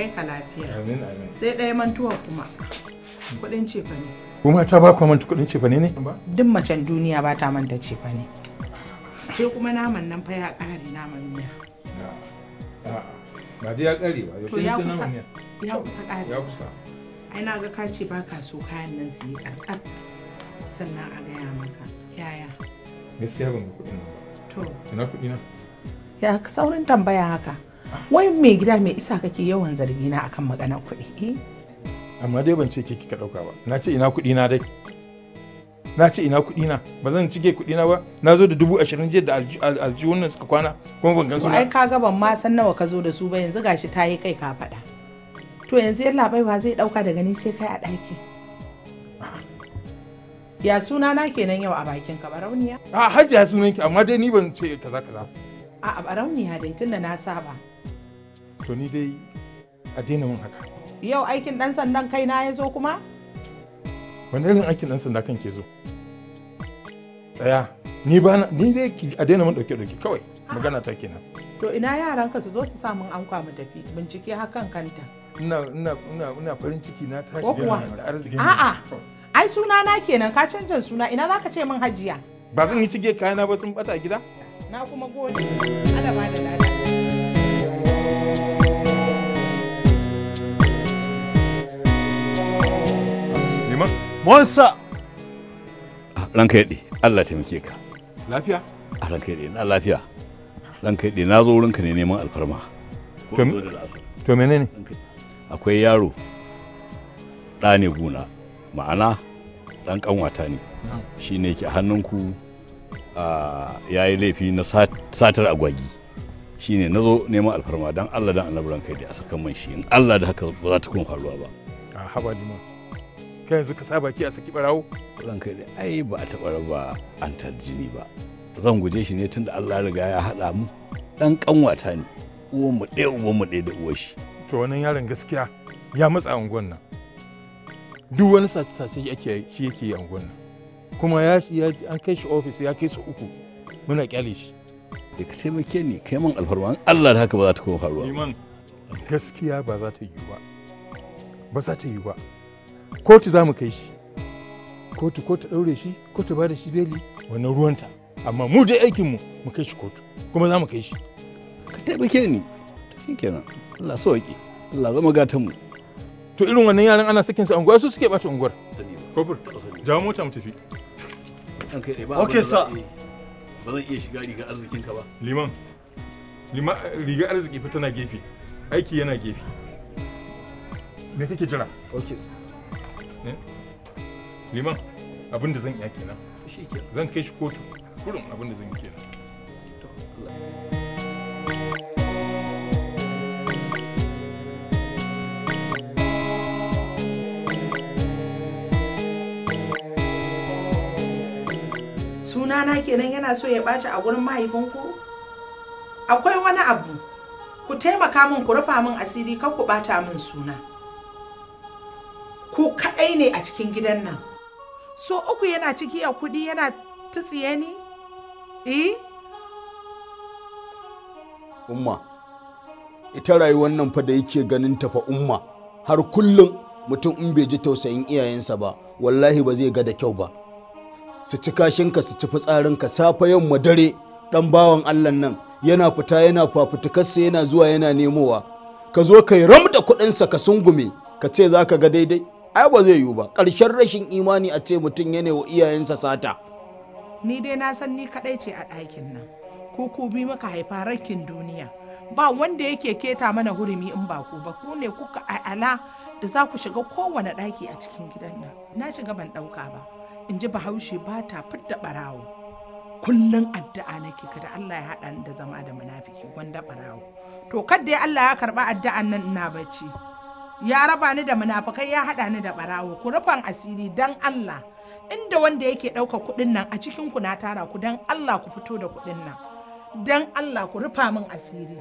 kai ka lafiya amin amin sai ɗaya mantuwa kuma kuɗin cefa ne kuma ta ba ku manta kuɗin cefa ne ne duk macen duniya ba ta manta cefa ne sai kuma naman nan fa ya ƙare naman miya ba dai ya ƙare ba to ya kusa ya kusa ƙare ya kusa ai na ga ka ce ba ka so kayan nan su yi ƙarƙar sannan a gaya maka yaya gaskiya ban ga kuɗin ba to ina kuɗi na ya saurin tambaya haka wai mai gida mai isa kake yawan zargi na akan magana kuɗi eh. amma dai ban ce ke kika ɗauka ba na ce ina kuɗi na dai na ce ina kuɗi na ba zan cike kuɗi na ba na zo da dubu ashirin jiya da aljihun nan suka kwana kuma ban gansu ai ka ban ma san nawa ka zo da su ba yanzu gashi ta yi kai ka faɗa to yanzu yalla bai ba zai ɗauka daga ni sai kai a ɗaki ya suna na kenan yau a bakin ka barauniya a hajji ya sunan ki amma dai ni ban ce kaza kaza a barauniya dai tunda na saba to ni dai a daina min haka yau aikin dan sandan kai na ya zo kuma wani irin aikin dan sanda kan ke zo tsaya ni ba ni dai a daina min ɗauke-ɗauke, kawai magana ta kenan to ina yaranka su zo su sa mun ankwa mu tafi bincike hakan kanta ina ina ina ina farin ciki na tashi da arziki a'a ai suna na kenan ka canja suna ina zaka ce min hajiya ba zan yi cike kayana ba sun bata gida na kuma gode Allah ba da Monsa! Ah, ranka yaɗe, Allah taimake ka. Lafiya? A ah, ranka yaɗe, na lafiya. Ranka yaɗe, na zo wurinka ne neman alfarma. To ne. Akwai yaro, ɗa ne guna, ma'ana ɗan ƙanwata ne. Shi ne ke hannunku ah, ya yi laifi na satar agwagi. Shi ne na zo neman alfarma don Allah don annabi ranka yaɗe a sakan man shi. In Allah da haka ba za ta kuma faruwa ba. A haba liman. ka yanzu ka sa baki a saki barawo zan kai ne ai ba a taɓa raba antar jini ba zan guje shi ne tunda Allah riga ya haɗa mu dan kanwata ne uwan mu ɗaya uwan mu ɗaya da uwar shi to wannan yaron gaskiya ya matsa unguwan nan duk wani sace-sace shi yake yi unguwan nan kuma ya an kai shi ofis ya kai su uku muna kyale shi da ka taimake ni kai mun alfarwa Allah da haka ba za ta kuma faruwa gaskiya ba za ta yi ba ba za ta yi ba kotu za mu kai shi kotu kotu ɗaure shi kotu ba da shi beli wannan ruwanta amma mu dai aikinmu mu kai shi kotu kuma za mu kai shi ka taɓa ke ni shi kenan Allah sauki Allah zama gatan mu to irin wannan yaran ana sakin su anguwa su suke bata unguwar kofur ja mota mu tafi okay sa ba zan iya shiga riga arzikin ka ba liman liman eh, riga arziki fa tana gefe aiki yana gefe me kake jira okay liman abin da zan iya kenan zan kai shi kotu kurin abin da zan yi kenan sunana kenan yana so ya ɓaci a gurin mahaifinku akwai wani abu ku taimaka min ku rufa min asiri kar ku ɓata min suna ku kaɗai ne a cikin gidan nan so uku yana ciki a kuɗi yana tsiye ni eh? umma ita rayuwar nan fa da yake ganin tafa umma har kullum mutum in bai ji tausayin iyayensa ba wallahi ba zai ga da kyau ba su ci kashinka su ci fitsarinka safe yamma dare Ɗan bawan allah nan yana fita yana fafutukarsa yana zuwa yana nemowa ka zo ka yi ramda kuɗinsa ka sungume ka ce za ka ga daidai ai ba zai yiwu ba ƙarshen rashin imani a ce mutum ya wa iyayensa sata ni dai na san ni kaɗai ce a ɗakin nan ku ku bi maka haifa rakin duniya ba wanda yake keta mana hurumi in ba ku ba ku ne kuka ala da za ku shiga kowane ɗaki a cikin gidan nan na shiga ban ɗauka ba in ji bahaushe ba ta fidda ɓarawo kullum addu'a nake kada Allah ya haɗa ni da zama da munafiki wanda ɓarawo to kadda Allah ya karɓa addu'an nan ina bacci ya raba ni da munafukai ya haɗa ni da ɓarawo ku rufan asiri dan Allah inda wanda yake ɗauka kuɗin nan a cikin ku na tara ku dan Allah ku fito da kuɗin nan dan Allah ku rufa min asiri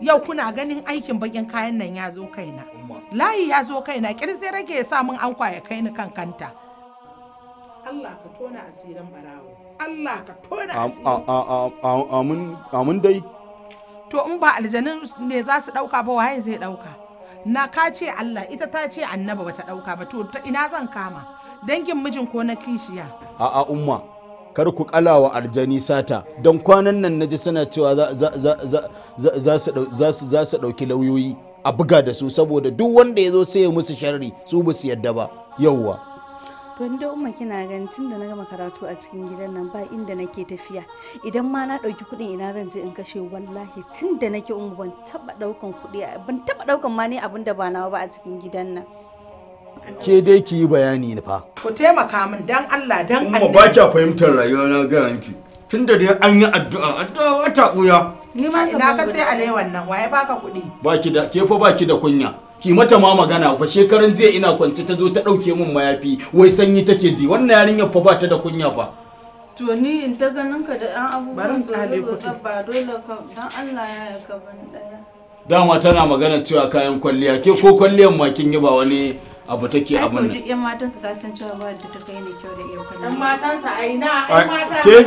yau kuna ganin aikin bakin kayan nan ya zo kaina layi ya zo kaina zai rage ya sa min ankwa ya kai ni kan kanta Allah ka tona asirin barawo Allah ka tona asirin amin dai to in ba aljanin ne za su ɗauka ba waye zai ɗauka na ka ce Allah ita ta ce annaba bata dauka ba to ina zan kama dangin mijin ko na kishiya a a umma kar ku kalawa aljani sata don kwanan nan naji suna cewa za su dauki lauyoyi a buga da su saboda duk wanda ya zo sai ya musu sharri su ba su yadda ba yauwa to ni da umma kina ganin tun da na gama karatu a cikin gidan nan ba inda nake tafiya idan ma na ɗauki kuɗin ina zan je in kashe wallahi tun da nake umma ban taɓa ɗaukan kudi ban taba daukan ma ne abin da ba nawa ba a cikin gidan nan ke dai ki yi bayani fa ku taimaka min dan Allah dan Allah ba kya fahimtar rayuwa na ga yanki tun da dai an yi addu'a addu'a wata kuya ni ma ina ka sai alai wannan waye baka kuɗi baki da ke fa baki da kunya ki mata ma magana fa shekaran jiya ina kwance ta zo ta dauke min mayafi wai sanyi take ji wannan yarinyar fa ba ta da kunya fa to ni in ta ganin ka da ɗan abubuwan da ba dole ka dan Allah ya ka ban daya dama tana magana cewa kayan kwalliya ke ko kwalliyan ma kin yi ba wani abu take abin nan ai duk yan matan ka san cewa ba da ta kai ne kyau da yau dan matan sa ai na ai mata ke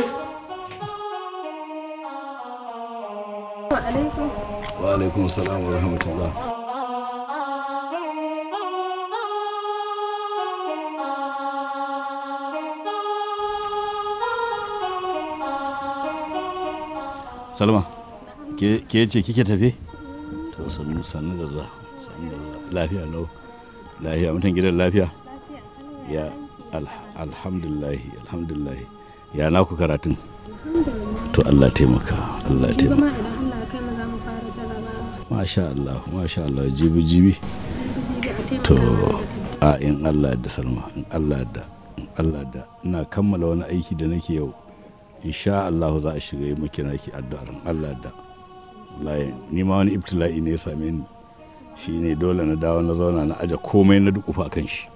wa alaikum wa alaikum salam wa rahmatullah salma ke ce kike tafi to sannu sannu da zuwa sannu da zuwa lafiya lau lafiya mutan gidan lafiya ya alhamdulillah alhamdulillah ya na ku karatun to Allah taimaka Allah taimaka masha Allah masha Allah jibi jibi to a in Allah da salma in Allah da in Allah da ina kammala wani aiki da nake yau insha Allah za a shiga yi maki naki addu'ar Allah da wallahi ni ma wani ibtila'i ne ya same ni shine dole na dawo na zauna na aja komai na duk ufa kan shi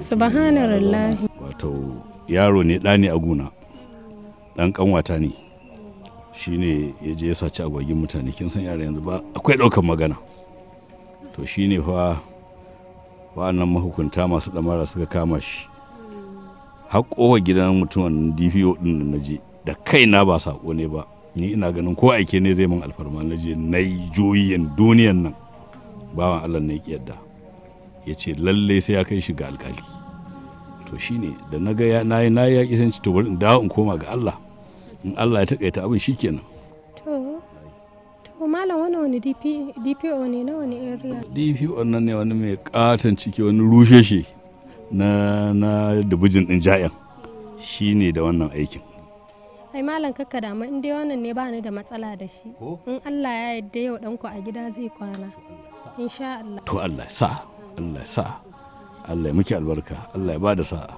subhanallah wato yaro ne ɗa a guna ɗan kanwata ne shine ya je ya saci agwagin mutane kin san yara yanzu ba akwai ɗaukan magana to shine fa wa'annan mahukunta masu ɗamara suka kama shi har kowa gidan mutumin dpo din na naje da kaina ba sako ne ba ni ina ganin ko aike ne zai min alfarma na je na yi joyiyan duniyan nan bawan allah ne yadda ya ce lallai sai ya kai shi ga alkali to shine da na ga na yi na yaƙi sun to bari in dawo in koma ga allah in allah ya taƙaita abin shikenan to to malam wani wani dpo ne na wani area dpo nan ne wani mai katon ciki wani rushe shi na na dubujin din ja'in ne da wannan aikin ai malam kakka da mu in dai wannan ne ba ni da matsala da shi in Allah ya yarda yau danku a gida zai kwana insha Allah to Allah sa Allah sa Allah ya miki albarka Allah ya ba da sa'a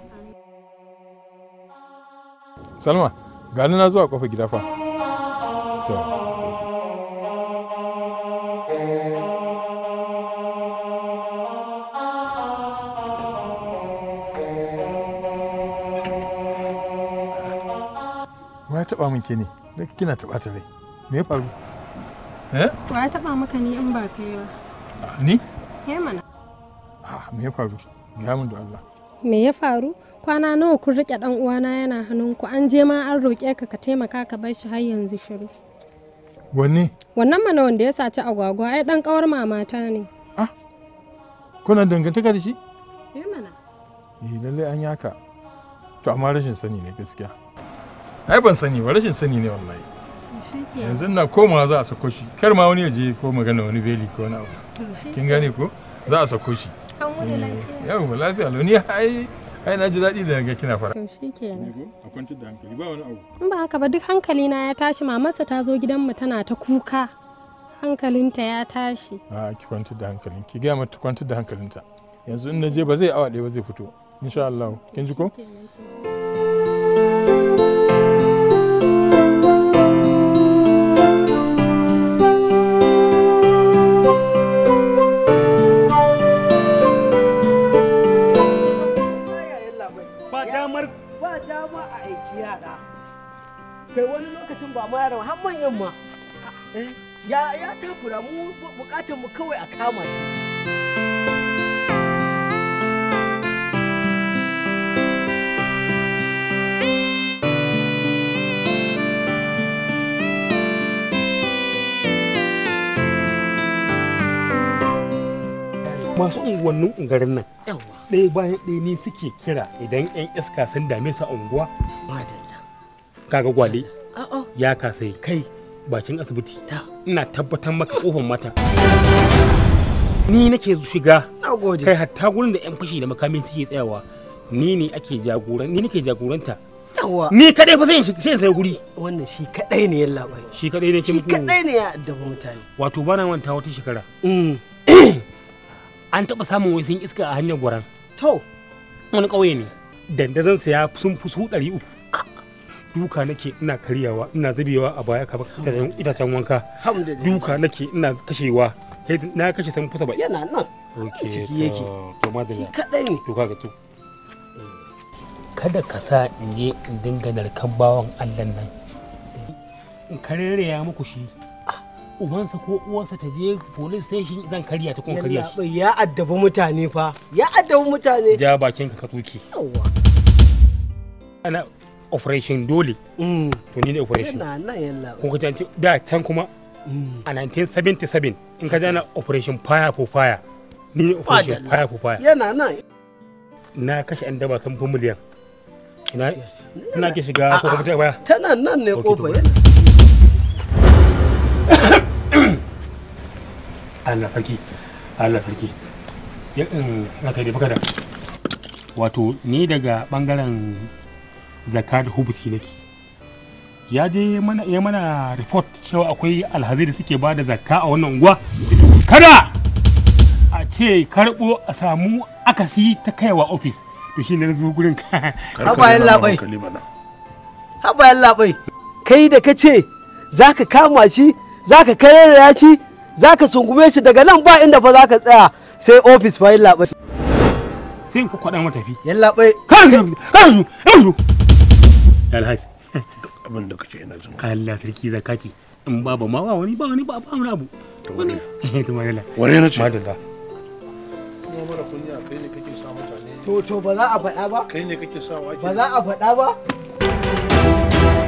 Salma gani na zuwa kofar gida fa to ya taba min ne da kina taba ta rai me ya faru eh wa ya taba maka ni in ba kai ba ni ke mana ah me ya faru ga mun da Allah me ya faru kwana nawa kun rike dan uwana yana hannunku an je ma an roke ka ka taimaka ka bar shi har yanzu shiru wanne wannan mana wanda ya saci agwagwa ai dan kawar mamata ne ah kuna dangantaka da shi eh mana eh lalle an yaka to amma rashin sani ne gaskiya ai ban sani ba rashin sani ne wallahi yanzu na komawa za a sako shi kar ma wani ya je ko magana wani beli ko wani abu kin gane ko za a sako shi eh, yau lafiya ni ai ai na ji daɗi da ga kina fara to shikenan a kwantar da hankali ba wani abu in ba haka ba duk hankali na ya tashi mamarsa ta zo gidan mu tana ta kuka hankalinta ya tashi a ki kwantar da hankali ki ga mata kwantar da hankalinta yanzu in na je ba zai awa ɗaya ba zai fito insha Allah kin ji ko kai wani lokacin ba ma yaran har manyan ma eh, ya ya takura mu bukatar mu kawai a kama shi masu unguwannin ungarin nan ɗaya bayan ɗaya ne suke kira idan 'yan iska sun dame su a unguwa kaga gwale ya kasai kai bakin asibiti ina tabbatar maka tsohon mata ni nake shiga kai hatta gurin da yan fashi da makamin suke tsayawa ni ne ake jagoran ni nake jagoranta ni kadai fa sai in sai guri wannan shi kadai ne yalla bai shi kadai ne kin shi kadai ne ya addaba mutane wato bana wanta wata shekara mm. an taba samun wai iska a hanyar gwaran to wani kauye ne dandazon saya sun fi su 300 duka nake ina karyawa ina zubewa a baya ka itacen wanka duka nake ina kashewa na kashe san fusa ba yana nan ciki yake to madalla kadai ne to kaga to kada ka sa in je in dinga narkan bawan Allah nan in ya muku shi ubansa ko uwarsa ta je police station zan karya ta kuma karya shi ya addabi mutane fa ya addabi mutane ja bakin ka ka yawa ana operation dole mm. to ni da operation ko ka ce da can kuma mm. a 1977 in ka jana operation fire for fire ni ne operation fire for fire yana na na kashe an daba sun fi miliyan ina ke shiga ko kuma ta baya tana nan ne kofa yana Allah sarki Allah sarki na eh, kai da baka da wato ni daga bangaren Zaka da hubusi nake ya je mana ya mana report cewa akwai alhazai da suke ba da zakka a wannan unguwa kada a ce karbo a samu akasi ta kaiwa office to shi ne zo gurin ka habayen labai habayen labai kai da ka ce za ka kama shi za ka ya shi za ka sungume shi daga nan ba inda fa za ka tsaya sai ofis fa yin labai sai ka kwaɗa matafi yan labai kan yanzu yanzu alhaji abin da kace ina jin Allah sarki zakati in ba ba ma ba wani ba wani ba ba wani abu to eh, madalla ware na ce madalla kuma mara kunya kai ne kake sa mutane to to ba za a faɗa ba kai ne kake sa wake ba za a faɗa ba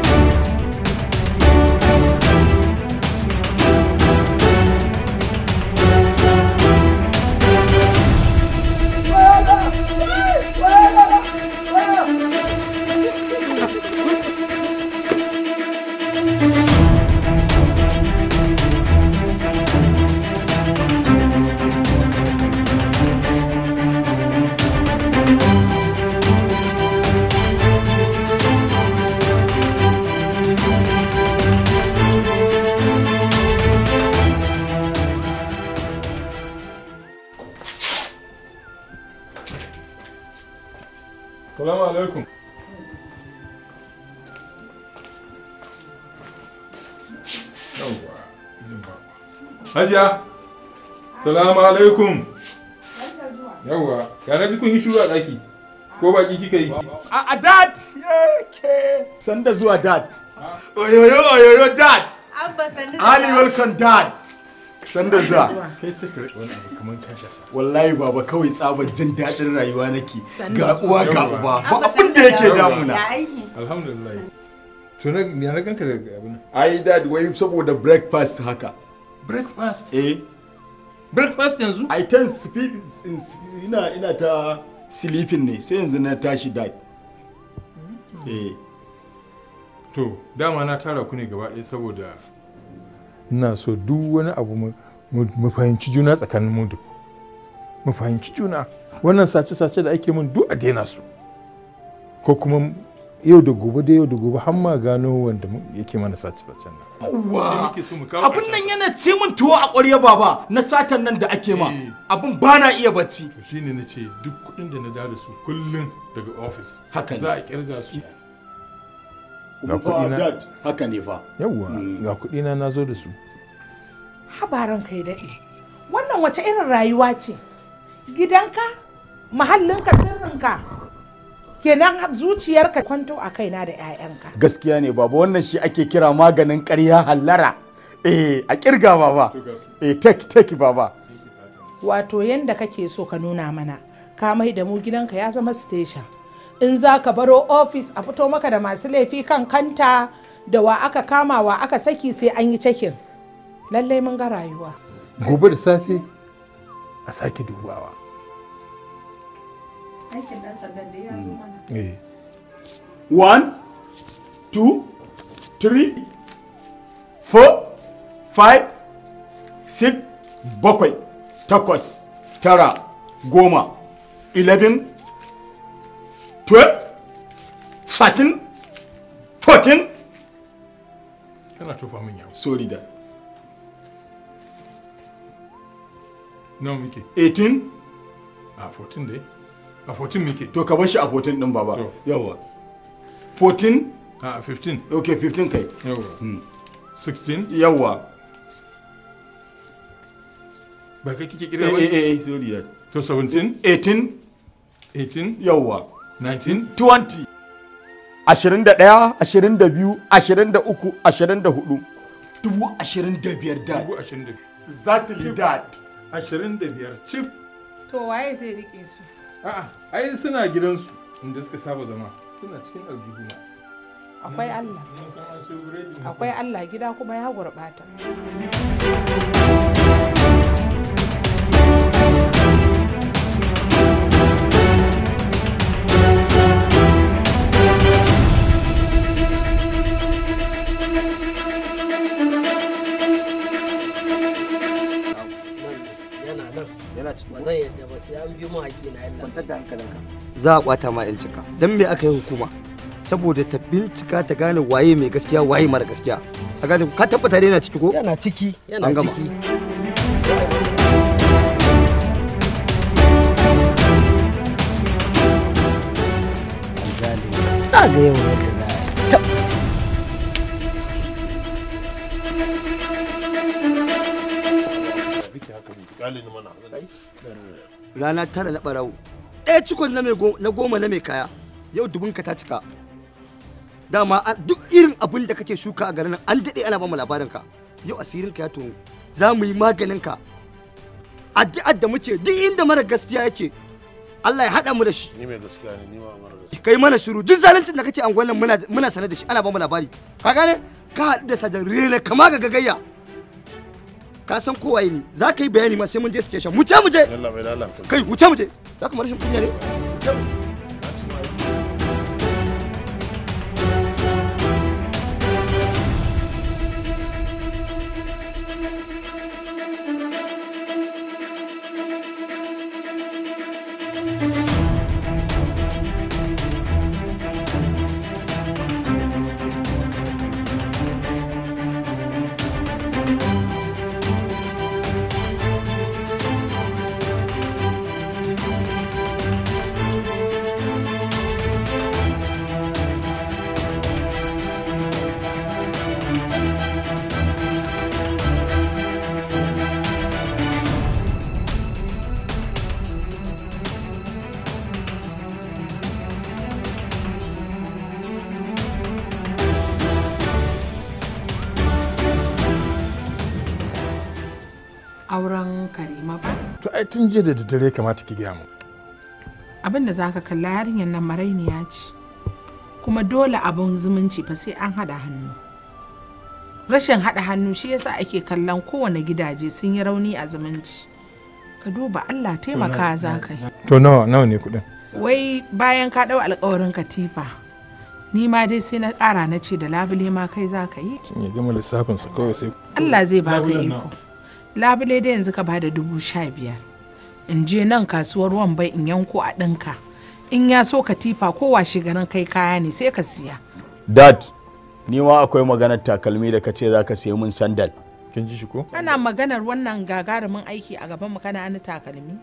Salamu alaikum. Yawwa, yana ji kun yi shuru a ɗaki. Ko baki kika yi? A dad! Yake! Sanda zuwa dad. Ah. Oyoyo oyoyo dad! Abba sanda Ali welcome dad! Sanda zuwa. Kai sai wani abu kamar tasha. Wallahi baba kawai tsabar jin dadin rayuwa nake. Ga uwa ga uba. Ba abin da yake damuna. Alhamdulillah. To na ganka da abin. Ai dad wai saboda breakfast haka. Breakfast? Eh. breakfast yanzu i ten speed ina ina ta sleeping ne sai yanzu na tashi da mm-hmm. eh to dama na tara ku ne gaba ɗaya saboda ina so duk wani abu mu fahimci juna tsakanin mu duk. mu fahimci juna wannan sace-sace da ake mun duk a daina su ko kuma yau da gobe da yau da gobe har ma gano wanda yake mana sace sacen nan wa abin nan yana ce min tuwo a ƙwarya baba na satan nan da ake ma eh. abin ba na iya bacci to shine na ce duk kuɗin da na da da su kullum daga office haka za a kirga su ga na haka ne fa yawwa mm. ga kuɗina na zo da su habaran kai daɗi wannan wace irin rayuwa ce gidanka mahallinka sirrinka kenan zuciyarka kwanto a kaina da 'ya'yanka gaskiya ne baba wannan shi ake kira maganin ƙarya hallara eh a kirga baba eh tek tek baba wato yanda kake so ka nuna mana ka mai da mu gidanka ya zama station in za ka baro ofis a fito maka da masu laifi kan kanta da wa aka kama wa aka saki sai an yi cakin lallai mun ga rayuwa gobe da safe a sake dubawa da hmm. eh. one two three four five six bakwai takwas tara goma eleven twelve thirteen fourteen kana tofa min yawo sorry da nawa muke 18 a 14 dai a 14 muke to ka bar shi a 14 din baba yawwa 14 a 15 okay 15 kai yawwa 16 hmm. yawwa. ba kai kike kira eh, ba eh eh, eh sorry ya to 17 18 18 yawa 19 20 21 22 23 24 dubu ashirin da biyar dubu ashirin da biyar zatili dad ashirin da biyar to waye zai rike su A'a, ai suna gidansu inda suka saba zama. Suna cikin aljihuna. Akwai Allah. Akwai Allah gida kuma ya gurɓata. za a kwata ma cika. don me aka yi hukuma saboda ta bincika ta gane waye mai gaskiya waye mara gaskiya a gane ka tabbata yana ciki ko yana ciki yana ciki Rana tara na ɓarawo ɗaya cikon na goma na mai kaya yau ka ta cika dama duk irin abin da kake shuka a garin an daɗe ana ba mu labarin ka yau asirin ka ya tono za mu yi maganin ka addu'ar da muke duk inda mara gaskiya yake Allah ya haɗa mu da shi ni mai gaskiya ne ni ma mara gaskiya kai mana shiru duk zaluncin da kake angon muna muna sanar da shi ana ba mu labari ka gane ka haɗu da sajan rena kama ga gagayya ka san ko waye ne za ka yi bayani ma sai mun je station mu wuce mu je kai wuce mu je za ka rashin kunya ne auren karima ba to ai tun jiya da daddare kamata ki gaya mu abin da zaka kalla yarinyar nan marainiya ce kuma dole abin zumunci fa sai an haɗa hannu rashin haɗa hannu shi yasa ake kallon kowane gidaje sun yi rauni a zumunci ka duba allah taimaka za ka yi to nawa nawa ne kuɗin wai bayan ka ɗau alkawarin katifa ni ma dai sai na ƙara na ce da labule ma kai za ka yi ya gama lissafin su kawai sai allah zai baka iko labule da yanzu ka ba da dubu sha biyar in je nan kasuwar wambai in yanko a ɗinka in ya so katifa ko washe garin kai kaya ne sai ka siya dad ni ma akwai maganar takalmi da ka ce za ka siya min sandal kin ji shi ko ana maganar wannan gagarumin aiki a gaban mu kana ana takalmi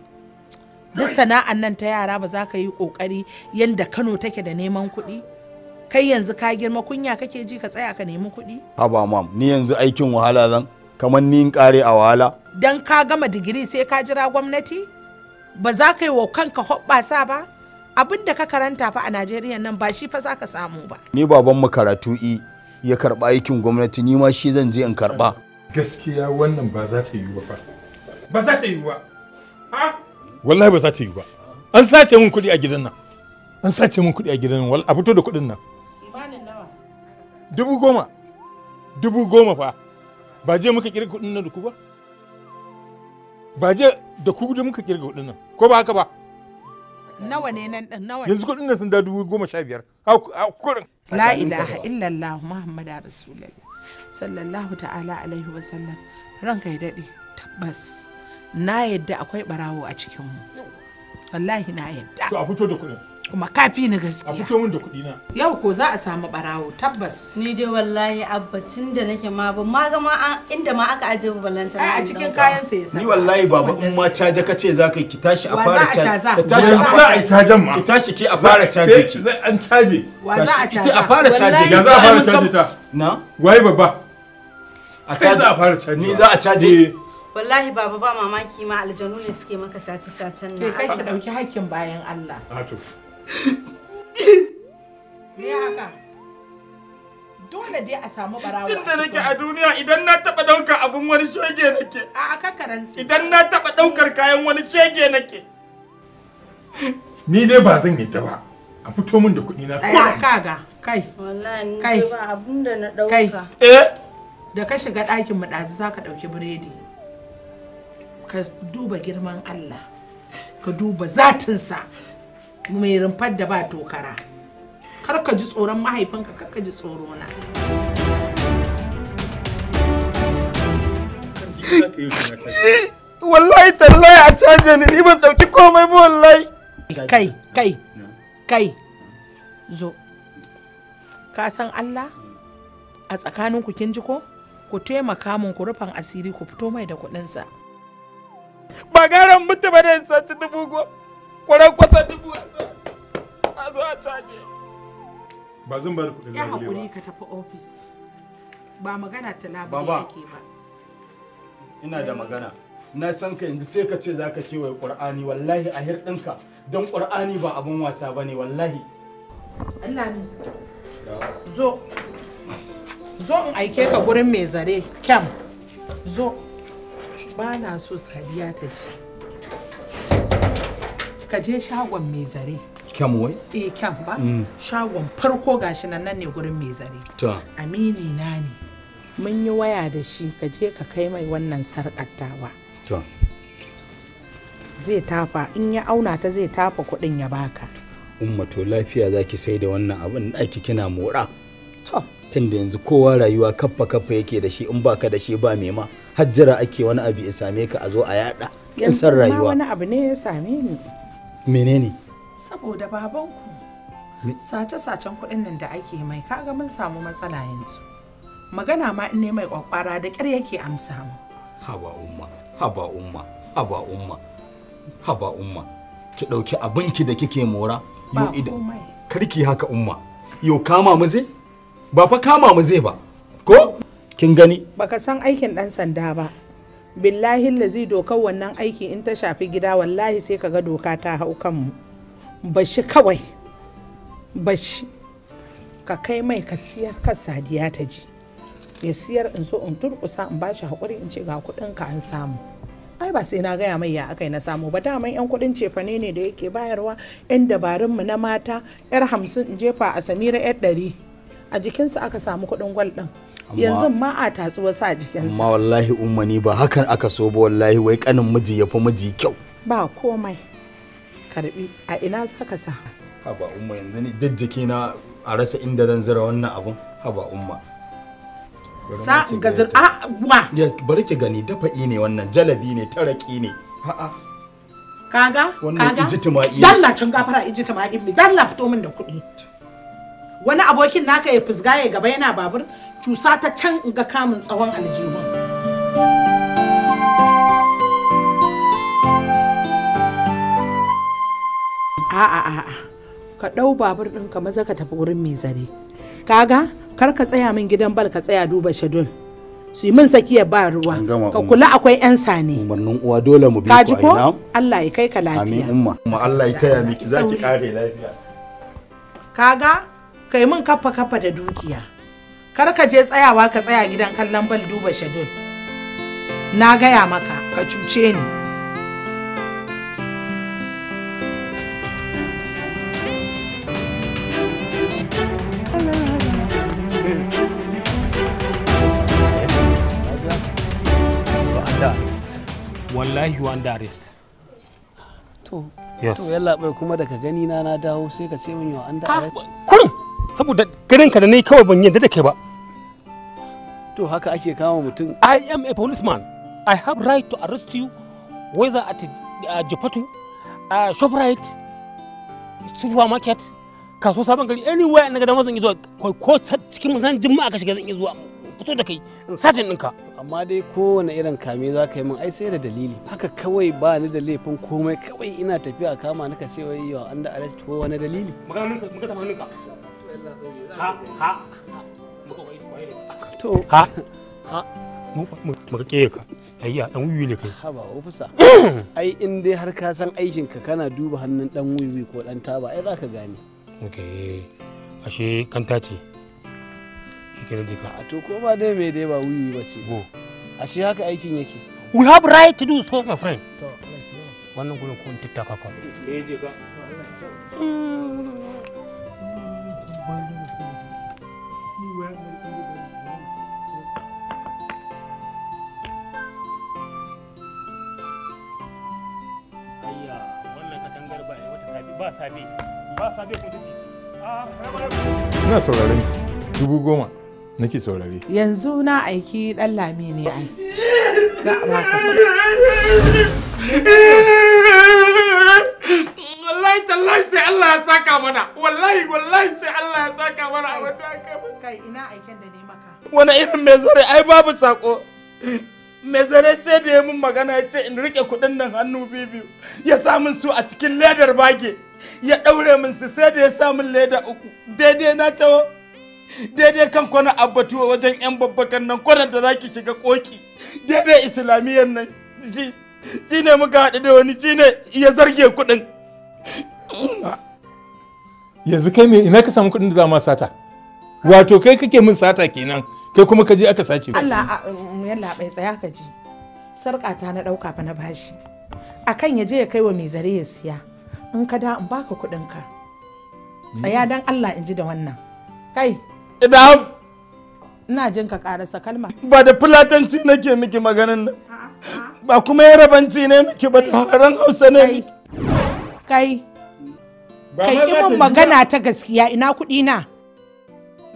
duk sana'an nan ta yara ba za ka yi kokari yadda Kano take da neman kuɗi kai yanzu ka girma kunya kake ji ka tsaya ka nemi kuɗi haba mam ni yanzu aikin wahala zan kamar ni kare a wahala dan ka gama digiri sai ka jira gwamnati ba za ka yi wa kanka hoɓɓasa ba abin da ka karanta fa a najeriya nan ba shi fa za ka samu ba ni baban mu karatu i ya karɓa aikin gwamnati ni ma shi zan je in karɓa gaskiya wannan ba za ta yiwu ba ba za ta yiwu ba ha wallahi ba za ta yiwu ba an sace min kuɗi a gidan nan an sace min kuɗi a gidan nan a fito da kuɗin nan imanin nawa dubu goma dubu goma fa ba je muka kirga kudin nan da ku ba ba je da ku da muka kirga kudin nan ko ba haka ba nawa ne nan dan nawa yanzu kudin nan sun da dubu goma sha biyar a kurin la ilaha illallah muhammad rasulullah sallallahu ta'ala alaihi wa sallam ranka ya dade tabbas na yadda akwai barawo a cikin mu wallahi na yadda to a fito da kudin kuma kafi na gaskiya. A fito min da kuɗi na. Yau ko za a samu barawo tabbas. Ni dai wallahi abba tun da nake ma ba ma ga ma inda ma aka aje balanta na. A cikin kayan sa yasa. Ni wallahi baba in ma caje ka ce ka ki tashi a fara caje. Ka tashi a fara cajen ma. Ki tashi ki a fara caje ki. Sai an caje. Wa za a caje. Ki a fara caje. Ya za a fara caje ta. Na? Wai baba. A caje. za a fara caje. Ni za a caje. Eh. wallahi baba ba mamaki ma aljanu ne suke maka sace-sacen na. Kai ki dauki hakkin bayan Allah. Me haka? Dole dai a samu barawa. Tunda nake a duniya idan na taɓa ɗaukar abin wani shege nake. A kakkarantsi. Idan na taɓa ɗaukar kayan wani shege nake. Ni dai ba zan yi ta ba. A fito min da kuɗi na. Tsaya kaga. Kai. Wallahi kai. ba abun da na ɗauka. Kai. Eh. Da ka shiga ɗakin mu ɗazu za ka ɗauki biredi. Ka duba girman Allah. Ka duba zatinsa. mai rumfar da ba tokara kar ka ji tsoron mahaifinka kar ka ji tsoro na wallahi tallahi a canje ni ban dauki komai ba wallahi kai kai kai zo ka san Allah a tsakaninku kin ji ko ku taimaka min ku rufan asiri ku fito mai da kuɗinsa ba garan mutu ba da dubu goma kwarar kwata dubu a zo a tage ba zan bar kuɗin labule ba ya haƙuri ka tafi ofis ba magana ta labule yake ba ina da magana na san ka yanzu sai ka ce za ka kewaye ƙur'ani wallahi a hirɗinka don ƙur'ani ba abin wasa ba ne wallahi Allah ne zo zo in aike ka gurin mai zare kyam zo ba na so sadiya ta ji ka je shagon mai zare kyam wai eh kyam ba mm. shagon farko gashi nan nan ne gurin mai zare to amini na ne mun yi waya da shi ka je ka kai mai wannan sarkar dawa to zai tafa in ya auna ta zai tafa kuɗin ya baka umma to lafiya zaki sai da wannan abin da ake kina mora to tunda yanzu kowa rayuwa kaffa kaffa yake da shi in baka da shi ba me ma hajjira ake wani abu ya same ka a zo a yada yan san rayuwa wani abu ne ya same ni menene saboda babanku sace-sacen kuɗin nan da ake mai kaga mun samu matsala yanzu magana ma in ne mai kwakwara da ƙyar yake amsa mu haba umma haba umma haba umma haba umma ki ɗauki abinki da kike mora yau idan karki haka umma yau kama mu zai ba fa kama mu zai ba ko kin gani baka san aikin ɗan sanda ba billahi zai dokar wannan aiki in ta shafi gida wallahi sai ka ga doka ta hau kanmu bashi kawai bashi ka kai mai ka siyar ka sadiya ta ji ya siyar in so in turkusa in bashi haƙuri in ce ga kuɗin ka an samu ai ba sai na gaya mai ya akai na samu ba daman yan kuɗin cefane ne da yake bayarwa yan dabarunmu na mata yar hamsin in jefa a samira yar ɗari a jikinsu aka samu kuɗin gwal ɗin yanzu ma a tatsi wasu a sa. amma wallahi ummani ba hakan aka so ba wallahi wai kanin miji ya fi miji kyau ba komai karbi a ina za ka sa haba umma yanzu ni jajjake na a rasa inda zan zira wannan abun haba umma sa ga zir a ah, wa yes bari ki gani dafa'i ne wannan jalabi ne taraki ne kaga kaga wannan ijtima'i dalla tun gafara ijtima'in mi dalla fito min da kuɗi wani abokin naka ya fusga ya gaba yana babur cusa ta can in ga kamun tsawon aljihun a'a a ka ɗau babur ka maza ka tafi wurin mai zare kaga kar ka tsaya min gidan bal ka tsaya duba shadun su yi min tsakiyar ba ruwa ka kula akwai yan sane umarnin uwa dole mu bi ku ko Allah ya kai ka lafiya amin umma Allah ya taya miki zaki kare lafiya kaga kai min kafa kafa da dukiya kar ka je tsayawa ka tsaya gidan kallon bal duba shadul na gaya maka ka cuce ni wallahi wanda arrest to to yalla bai kuma daga gani na na dawo sai ka ce min yau an da arrest kurum saboda ganin ka da nayi kawai ban yadda da ke ba to haka ake kama mutum i am a policeman i have right to arrest you whether at uh, Jopatu uh, Shoprite supermarket kaso sabon gari anywhere na ga damar zan yi zuwa ko cikin masanin juma'a ka shiga zan yi zuwa fito da kai in sajin ɗinka amma dai kowane irin kame za ka yi min ai sai da dalili haka kawai ba ni da laifin komai kawai ina tafiya kama na ce wai yau an da arrest ko wani dalili maganin ka ha ha to ha ha ka dan ai in dai har ka san aikin kana duba hannun dan wiwi ko dan taba ai zaka gane to ko ba dai dai ba ba ce go ashe haka aikin yake we have right to do so ka eh, Ah, ina saurare dubu goma nake saurare yanzu na aiki dan lami ne ai za a baka wallahi tallahi sai Allah ya saka mana wallahi wallahi sai Allah ya saka mana a wanda aka kai ina aikin da ne maka wani irin mai zare ai babu sako mai zare sai da ya mun magana ya ce in rike kudin nan hannu biyu ya samun su a cikin ledar bage ya ɗaure min su sai da ya sa min leda uku daidai na tawo daidai kan kwana abbatuwa wajen yan babbakan nan kwanan da zaki shiga koki daidai islamiyyar nan ji ne muka haɗu da wani ji ne ya zarge kuɗin yanzu kai me ina ka samu kuɗin da za ma sata wato kai kake min sata kenan kai kuma ka je aka sace Allah mm, yalla bai tsaya ka ji sarƙata na ɗauka fa na bashi akan ya je ya kai wa mai zare ya siya in ka da in baka kuɗin ka tsaya dan Allah in ji da wannan kai idan ina jin ka karasa kalma ba da fulatanci nake miki maganin nan ba kuma yarabanci ne miki ba da haran hausa ne kai kai mun magana ta gaskiya ina kuɗi na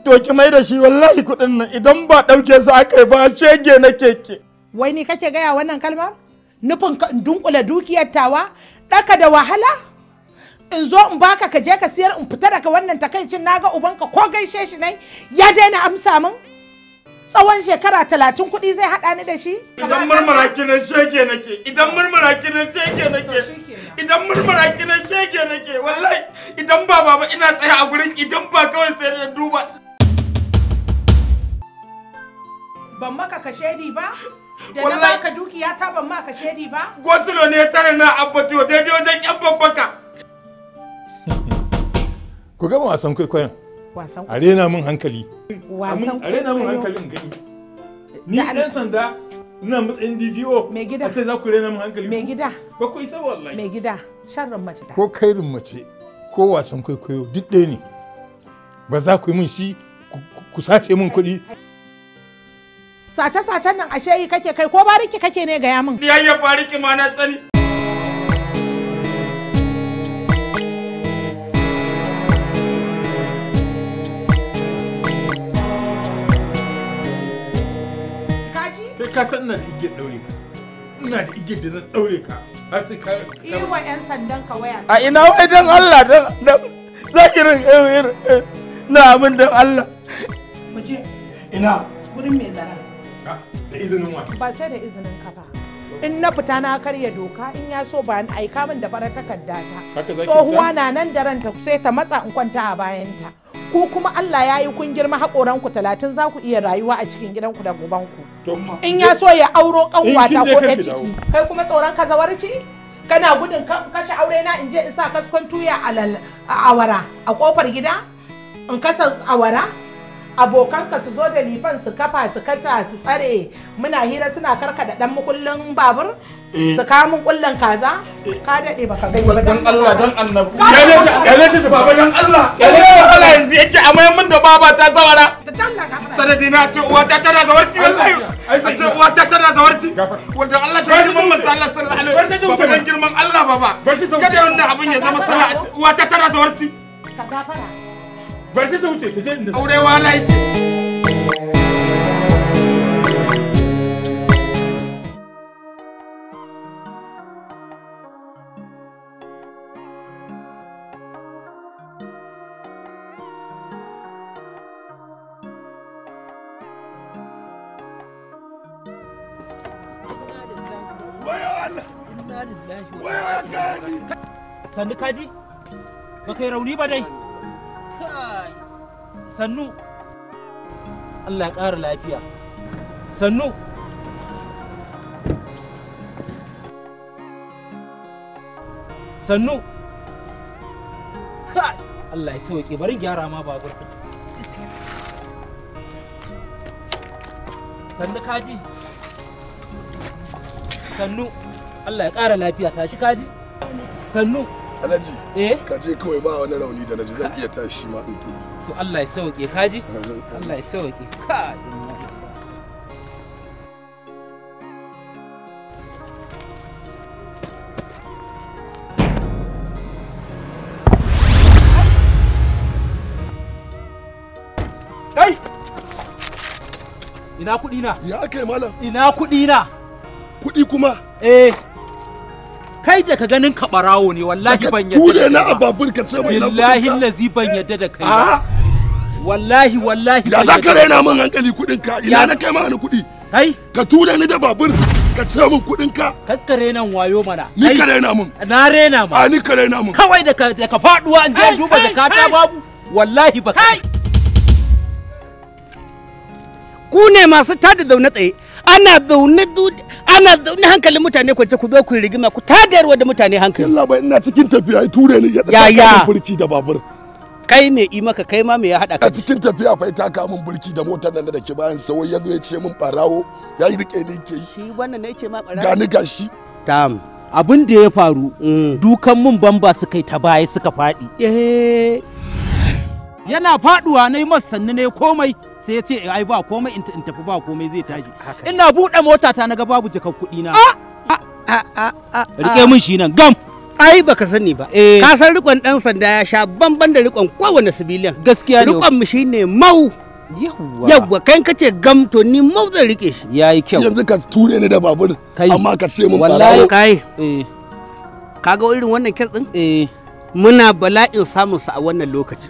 to ki mai da shi wallahi kuɗin nan idan ba ɗauke su aka yi ba shege nake keke wai ni kake gaya wannan kalmar nufin dunkula dukiyar tawa ɗaka da wahala in zo in baka ka je ka siyar in fita daga wannan takaicin naga ubanka ko gaishe shi ne ya daina amsa min tsawon shekara talatin kuɗi zai haɗa ni da shi? Idan murmura kinan shege nake, idan murmura kinan shege nake, idan murmura kinan shege nake, wallahi idan ba baba ina tsaya a gurin idan ba kawai sai da duba. Ban maka ka shedi ba? Da na baka dukiya ta ban maka shedi ba? Gosulo ne tare na abbatiyo daidai wajen yan babbaka. ku gama wasan kwaikwayon a rena min hankali wasan kwaikwayon min hankalin gani ni dan sanda ina matsayin dvo mai gida a ce za ku rena min hankali mai gida ba ku isa wallahi mai gida sharrin mace ko kairin mace ko wasan kwaikwayo duk ɗaya ne ba za ku yi min shi ku sace min kuɗi sace-sacen nan ashe yi kake kai ko bariki kake ne ga yamin ya yi bariki ma na tsani ka san ina da igiyar daure ka ina da igiyar da zan daure ka har sai ka yi wa yan sandan ka waya a ina wai dan Allah dan dan zaki rin eh, eh, eh, na abin dan Allah mu je ina gurin me zara da izinin wa ba sai da izinin ka ba in na fita na karya doka in ya so ba ni aika min da farar takarda ta tsohuwa na nan da ranta sai ta matsa in kwanta a bayanta ku kuma Allah ya yi kun girma haƙoranku talatin za ku iya rayuwa a cikin gidanku da gobanku. In ya so ya auro ƙanwata ko ɗan ciki. Kai kuma tsoron ka zawarci? Kana gudun kashe aure na in je in sa kaskon tuya a awara a ƙofar gida? In kasa awara? abokanka su zo da lifan su kafa su kasa su tsare muna hira suna karkada dan mukullin babur eh. su kawo mun kullun kaza eh. ka dade baka gani wala dan Allah dan annabi ya shi kale shi baba dan Allah ya shi Allah yanzu yake amayan mun da baba ta zawara sanadi na ce uwa ta tana zawarci wallahi a ce uwa ta tana zawarci wanda Allah ta yi mamman Allah sallallahu alaihi wasallam baba dan girman Allah baba kada wannan abun ya zama sana'a uwa ta tana zawarci ka gafara bar sai ta wuce ta je inda aure wala yake Sannu kaji? Ba kai rauni ba dai? sannu Allah ya ƙara lafiya sannu sannu Allah ya sauke bari gyara ma babur sannu kaji sannu Allah ya ƙara lafiya tashi kaji sannu alhaji eh kaje kawai ba wani rauni da naji zan iya tashi ma in tuni. to Allah ya sauke kaji Allah ya sauke kai Ina kudi na? Ya kai malam. Ina kudi na? kudi kuma? Eh. kai da ka ganin ka barawo ne wallahi ban yadda da kai ba. Ka ture na ababun ka ce mai na kuɗi. Billahi lazi ban yadda da kai ba. wallahi wallahi ya zaka raina min hankali kudin ka ina na kai mana kudi kai ka tura ni da babur ka ce min kudin ka kakka raina wayo mana ni ka raina min na raina ma a ni ka raina min kawai da ka ka faduwa in je duba zakata babu wallahi ba ku ne masu tada zaune tsaye ana zaune ana zaune hankalin mutane ku ku zo ku rigima ku tadarwa da mutane hankali Allah bai ina cikin tafiya ture ni ya da furki da babur kai me yi maka kai ma me ya hada ka a cikin tafiya fa ta ka mun burki da motar nan da ke bayan sa wai yazo ya ce mun barawo ya yi rike ni ke shi wannan ne ce ma barawo gani gashi tam abin da ya faru mm. dukan mun bamba su yi ta baya suka fadi eh yana faduwa nayi masanni ne komai sai ya ce ai ba komai in tafi ba komai zai tashi ina bude mota ta naga babu jakar kuɗi na a ah! a ah! a ah! rike mun shi nan gam ai baka sani ba eh. ka san rikon dan sanda ya sha bamban da rikon kowane sibiliyan gaskiya ne rikon mu ne mau yawwa Yauwa kai ka ce gamto ni mau zan rike shi yayi kyau yanzu ka ture ni da babur amma ka ce mun wallahi kai eh. kaga irin wannan kes din eh muna bala'in samun sa a wannan lokacin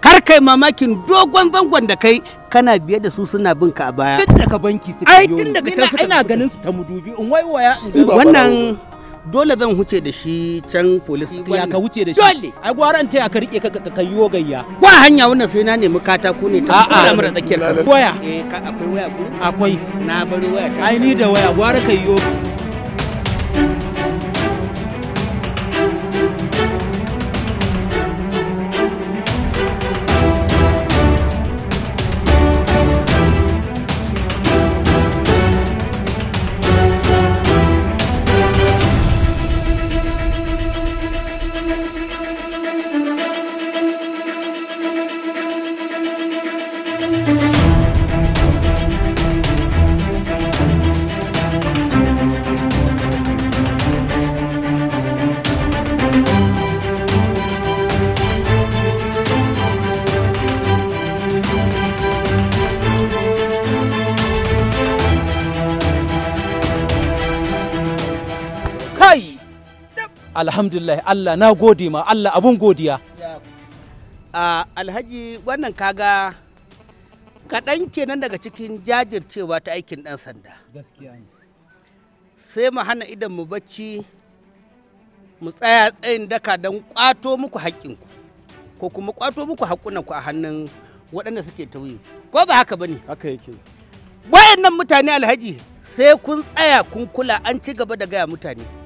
kar kai mamakin dogon zangon da kai kana biye da su suna bin ka a baya tun daga banki su ai tun daga can ina ganin su ta mudubi in waiwaya wannan dole zan huce da shi can polis ya ka huce da shi dole ai gwaran taya ka rike ka ka yo gayya ba hanya wannan sai na nemi katako ne ta kula mura tsakiyar waya eh akwai waya akwai na bari waya ta ai ni da waya gwara ka yo alhamdulillah Allah na gode ma Allah abun godiya alhaji wannan kaga kaɗan kenan daga cikin jajircewa ta aikin ɗan sanda sai mu hana idan mu bacci mu tsaya tsayin daka don ƙwato muku haƙƙinku ko kuma ƙwato muku haƙƙunanku a hannun waɗanda suke tauye ko ba haka ba ne haka yake wayannan mutane alhaji sai kun tsaya kun kula an ci gaba da gaya mutane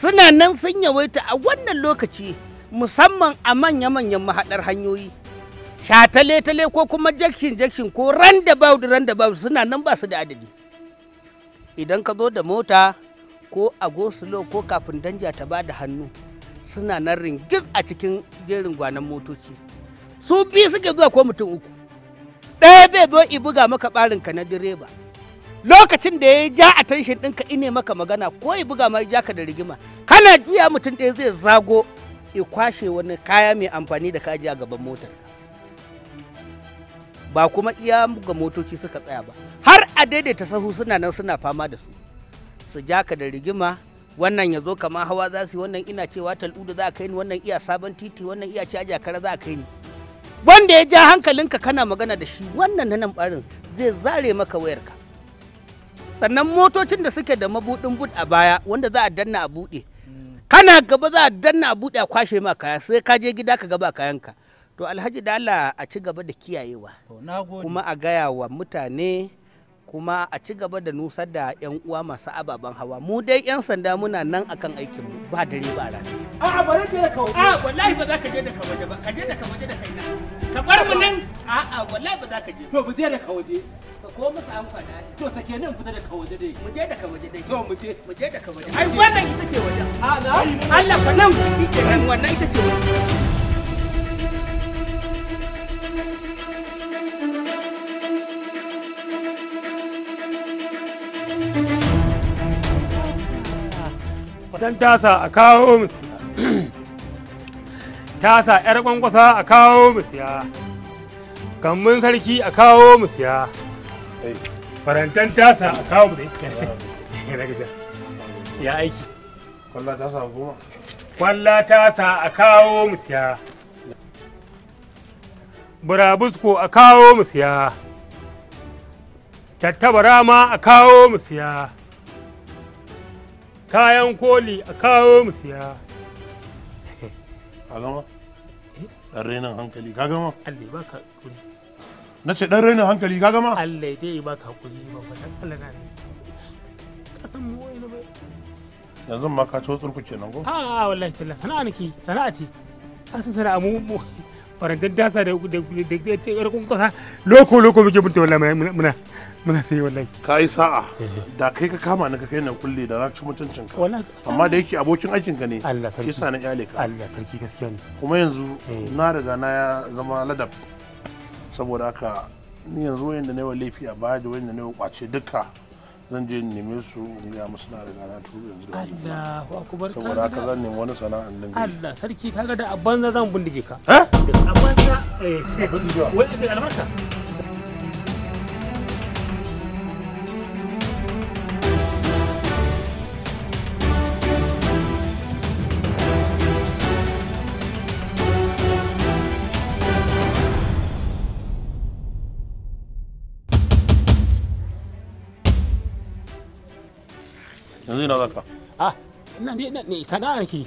suna nan sun yawaita a wannan lokaci musamman a manya-manyan mahaɗar hanyoyi shatale-tale ko kuma jakshin-jakshin ko roundabout roundabout suna nan ba su da adadi idan ka zo da mota ko agoslo ko kafin danja ta ba da hannu suna nan ringis a cikin jerin gwanan motoci su bi suke zuwa ko mutum uku ɗaya zai zo i buga maka ɓarinka na direba lokacin da ya ja a tashin ɗinka ine maka magana ko ya buga ma ja ka da rigima kana juya mutum ɗaya zai zago ya kwashe wani kaya mai amfani da kaji a gaban motar ba kuma iya ga motoci suka tsaya ba har a daidaita sahu suna nan suna fama da su su ja ka da rigima wannan ya zo kama hawa za su yi wannan ina cewa tal'udu za a kai ni wannan iya sabon titi wannan iya a kara za a kai ni wanda ya ja hankalinka kana magana da shi wannan nan barin zai zare maka wayarka sannan motocin da suke da mabudin bud a baya wanda za a danna a buɗe kana gaba za a danna a buɗe a kwashe ma kaya sai ka je gida ka gaba kayanka to alhaji da Allah a ci gaba da kiyayewa kuma a gaya wa mutane kuma a ci gaba da nusar da 'yan uwa masu ababen hawa mu dai 'yan sanda muna nan akan aikin mu ba dare ba rana a'a ba rage da kawo a'a wallahi ba za ka je da kawo ba ka je da kawo da kai na ka bar mu nan a'a wallahi ba za ka je to mu je da kawo ka ko musu an fada to sake nan fita da kawo dai mu je da kawo dai to mu je mu je da waje ai wannan ita ce wajen a'a Allah fa nan ke nan wannan ita ce wajen watan tasa a kawo mu tasa yar kwankwasa a kawo mu siya kambun sarki a kawo mu siya farantan tasa a kawo mu ya aiki kwalla tasa goma kwalla tasa a kawo mu siya burabusko a kawo mu siya tattabara ma a kawo mu siya kayan koli a kawo mu siya ka gama dan rainan hankali ka gama Allah ba ka kuli na ce dan rainan hankali ka gama Allah dai ba ka kuli ba fa dan Allah na ne. ka san mu wai ba yanzu ma ka to tsurku kenan ko Ha, wallahi tilla sana'a nake sana'a ce ka san sana'a mu mu farantar dasa da da ƙasa loko loko muke bunta wallahi muna muna sai wallahi ka sa'a eh, eh. da kai ka kama ni ka kai na kulle da na ci mutuncin ka amma da yake abokin aikin ka ne Allah sarki yasa na kyale ka Allah sarki gaskiya ne kuma yanzu eh. na riga na zama ladab saboda haka ni yanzu wayanda ne wa laifi a baya da wayanda ne wa kwace duka zan je neme su ya musu na rana na turu yanzu Allahu akbar saboda ka zan nemi wani sana'an din Allah sarki kaga da abban zan bindige ka eh abban eh wai albarka yanzu ina zaka a ah, ina ne ina sana'a nake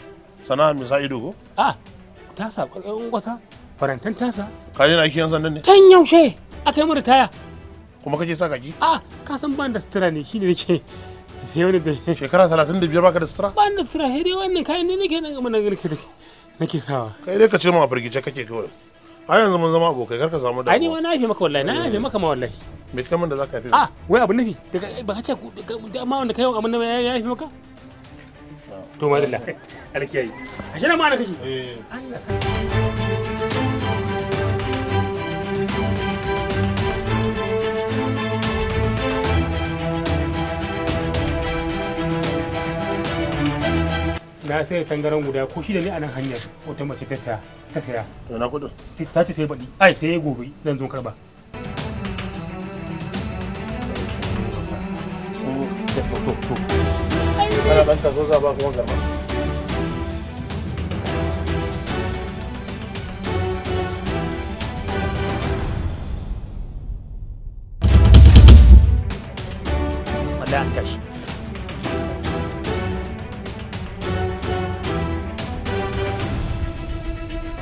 sana'a mai sa ido ko a ah, sa ƙwarƙwarin kwasa farantan sa ka na kiyan yan sandan ne tan yaushe aka yi mu ritaya kuma kake sa ji. a ah, ka san ban da sutura ne shine nake sai wani da shekara 35 baka da sutura ban da sutura sai dai wannan kayan ne nake nan mun nake nake sawa kai dai ka ce mu a firgice kake kawai a yanzu mun zama abokai kar ka samu da ai ni wani na fi maka wallahi na yafe maka ma wallahi me kaman da zaka fi a ah, wai abin nufi daga eh, ba ka ce amma wanda kai abin nan ya fi maka to madalla alkiyayi a shi na ma na kashi na sai tangaran guda ko shida ne a nan hanyar wata mace ta saya ta saya to na kudin ta ce sai baɗi ai sai gobe zan zo karba to to kana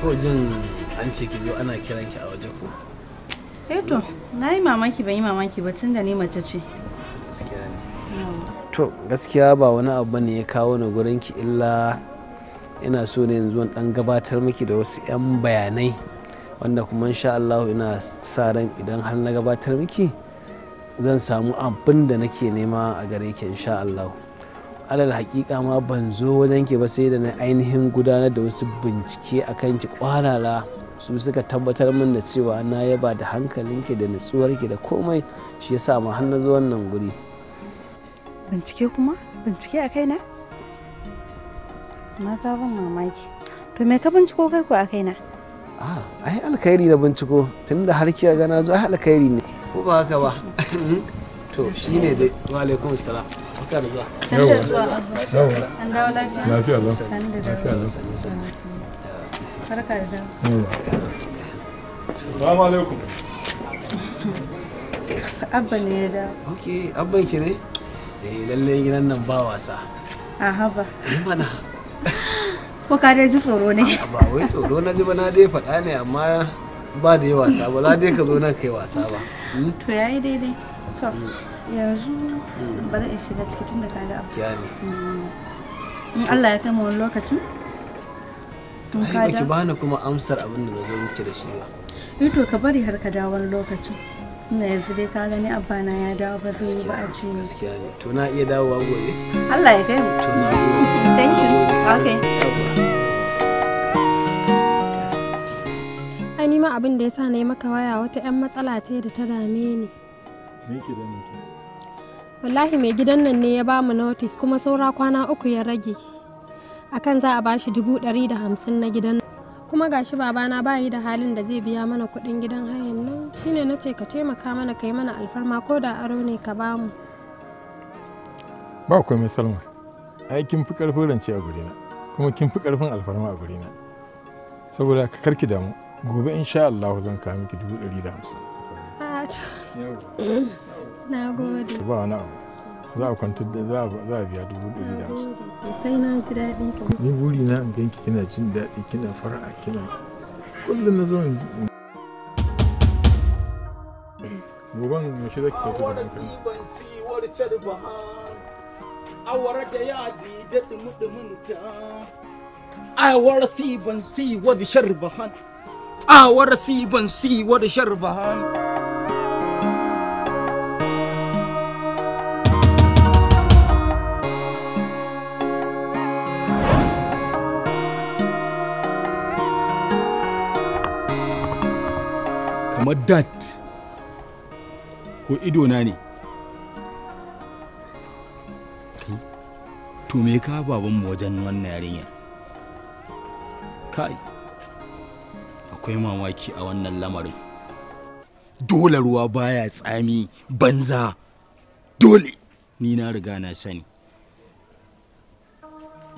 ko jin an ce ki zo ana kiranki a waje ko eh na yi mamaki ban yi mamaki ba tun da ni mace ce to gaskiya ba wani abu ne ya kawo ni gurinki illa ina so ne yanzu dan gabatar miki da wasu 'yan bayanai wanda kuma insha Allah ina sa ran idan har na gabatar miki zan samu abin da nake nema a gare ki insha Allah alal hakika ma ban zo wajen ki ba sai da na ainihin gudanar da wasu bincike akan ki kwarara su suka tabbatar min da cewa na yaba da hankalinki da nutsuwarki da komai shi yasa ma har na zo wannan guri bincike kuma bincike a kaina na ka ban mamaki to me ka binciko kai ko a kaina a ai alkhairi na binciko tunda har kiya gana zo ai alkhairi ne ko ba haka ba to shine dai wa alaikum assalam barka da zuwa san da zuwa an dawo lafiya lafiya Allah san da dawo barka da dawo assalamu alaikum abba ne ya dawo okay abban ki ne eh lalle gidan nan ba wasa a haba bana eh, ko ka dai ji tsoro ne ba wai tsoro na ji ba na dai faɗa ne amma ba da yi wasa ba la dai ka zo nan kai wasa ba hmm? to yayi daidai to hmm. yanzu hmm. bari in shiga ciki tun da ka ga abu yani in Allah ya kai mu wani lokacin to ka da ki bani kuma amsar abin da na zo miki da shi ba eh, to ka bari har ka dawo wani lokacin na yanzu dai ka gani abba na ya dawo ba zai yi ba a ce gaskiya ne to na iya dawowa gobe Allah ya kai to na thank you okay ai ma abin da yasa na yi maka waya wata yan matsala ce da ta dame ni wallahi mai gidan nan ne ya ba mu notice kuma saura kwana uku ya rage akan za a bashi dubu ɗari da hamsin na gidan nan. kuma gashi babana ba yi da halin da zai biya mana kuɗin gidan hayan nan shine na ce ka taimaka mana ka yi mana alfarma ko da aro ne ka bamu ba mai salma ai kin fi karfin rance a gurina kuma kin fi karfin alfarma a gurina saboda ka karki damu gobe insha Allah zan kawo miki dubu ɗari da hamsin na gode ba wani abu za a kwantar da za a biya dubu ɗari da hamsin. Sosai na ji daɗi sosai. Ni buri na in ganki kina jin daɗi kina fara'a kina kullum na zo in ji. Goban yaushe za ki sauke da hankali. Awar da yaji da dumudumunta. Awar siban ban si wa da sharbahan. Awar siban ban si wa da sharbahan. kamar dat ko idona ne to me ka babanmu wajen wannan yarinya kai akwai mamaki a wannan lamarin dole ruwa baya tsami banza dole ni na riga na sani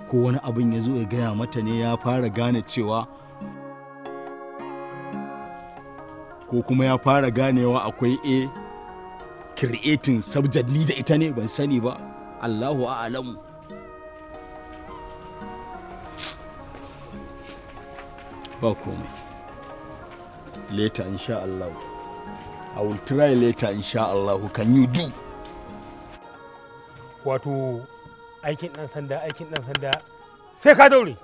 ko wani abin ya zo ya gaya mata ne ya fara gane cewa ko kuma ya fara ganewa akwai a eh, creating subject ni da ita ne ban sani ba allahu a'alamu ba komai later insha Allah I will try later insha Allah can you do wato aikin dan sanda aikin dan sanda sai ka daure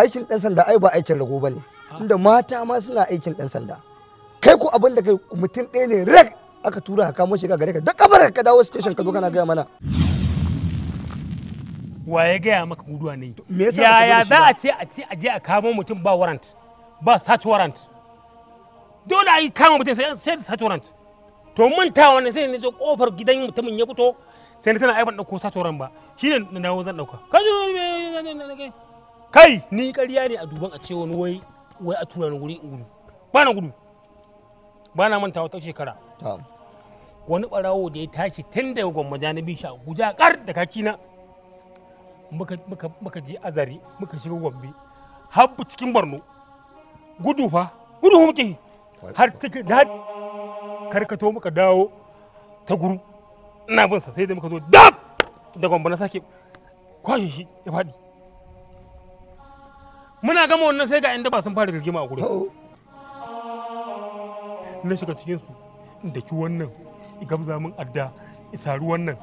aikin dan sanda ai ba aikin rago bane inda ah. mata ma suna aikin dan sanda ko abin da kai mutum ɗaya ne rek aka tura ka kamo shiga gare ka da kabar ka dawo station ka zo kana gaya mana wa ya gaya maka guduwa ne yaya za a ce a ce a je a kamo mutum ba warrant ba search warrant dole a yi kama mutum sai da search warrant to mun ta wannan sai ne je kofar gidan mutumin ya fito sai tana aiban dauko search warrant ba shine na dawo zan dauka kai ni ƙarya ne a duban a ce wani wai wai a tura ni guri in gudu ba na gudu ba na manta wata shekara wani barawo da ya tashi tun da ya gwamma janibi guja kar da kakina muka je azare muka shiga gombe habu cikin borno gudu fa gudu muke har cikin da karkato muka dawo ta guru ina bin sa sai da muka zo dab da gombe na sake kwashe shi ya faɗi muna gama wannan sai ga inda ba sun fara rigima a gurin na shiga cikinsu da ki wannan gamza min adda isaru wannan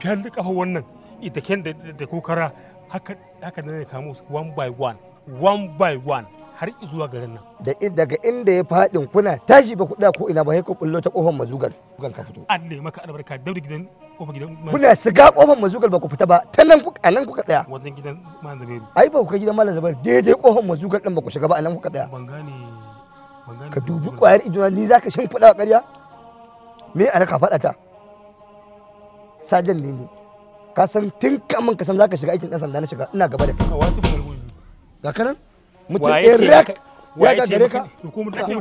fiyan da kafa wannan ita ken da kokara haka haka ne kamo su one by one one by one har zuwa garin nan da daga inda ya fadin kuna tashi ba kuɗa ko ina ba sai ku bullo ta kofar mazugal kan ka fito Allah ya maka albarka daure gidan kofar gidan kuna shiga kofar mazugal ba ku fita ba ta nan ku anan kuka tsaya wannan gidan malam ai ba ku kai gidan malam Zubairu daidai kofar mazugal din ba ku shiga ba anan kuka tsaya ban gane ka dubi kwayar ido ni za ka shimfiɗa ƙarya me ana ka faɗa ta sajan ne ne ka san tun kamun ka san zaka shiga aikin ɗan sanda na shiga ina gaba da kai ga kanan mutum iraq ya ga gare ka